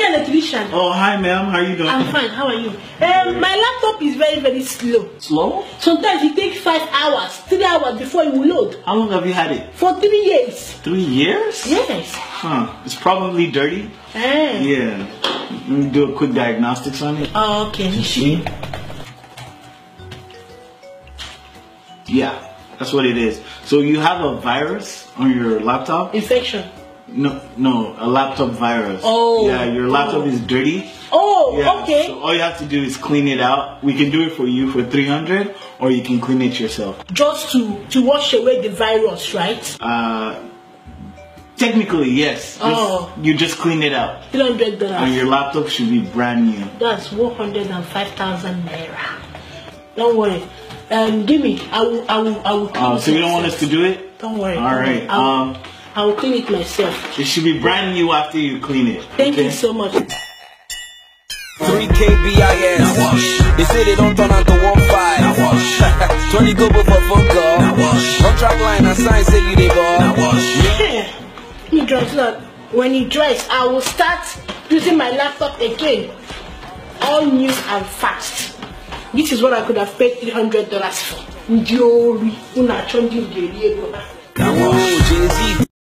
i electrician. Oh, hi ma'am. How are you doing? I'm fine. How are you? Um, my laptop is very, very slow. Slow? Sometimes it takes five hours, three hours before it will load. How long have you had it? For three years. Three years? Yes. Huh. It's probably dirty. Eh. Yeah. Let me do a quick diagnostics on it. Oh, okay. You see? Yeah, that's what it is. So you have a virus on your laptop? Infection. No, no, a laptop virus. Oh. Yeah, your laptop oh. is dirty. Oh, yeah, okay. So all you have to do is clean it out. We can do it for you for 300 or you can clean it yourself. Just to, to wash away the virus, right? Uh, technically, yes. oh. you just clean it out. $300. And your laptop should be brand new. That's 105,000 Naira. Don't worry. Um, give me. I will, I will, I will. Oh, so you don't want us to do it? Don't worry. All right. Um, I will clean it myself. It should be brand new after you clean it. Thank okay? you so much. 3KBIS. They say they don't turn out to 1-5. 20 go before fuck off. On track line, I sign say you they go. He does not. When he dries, I will start using my laptop again. All new and fast. This is what I could have paid $300 for. Glory. Una changing the Jay-Z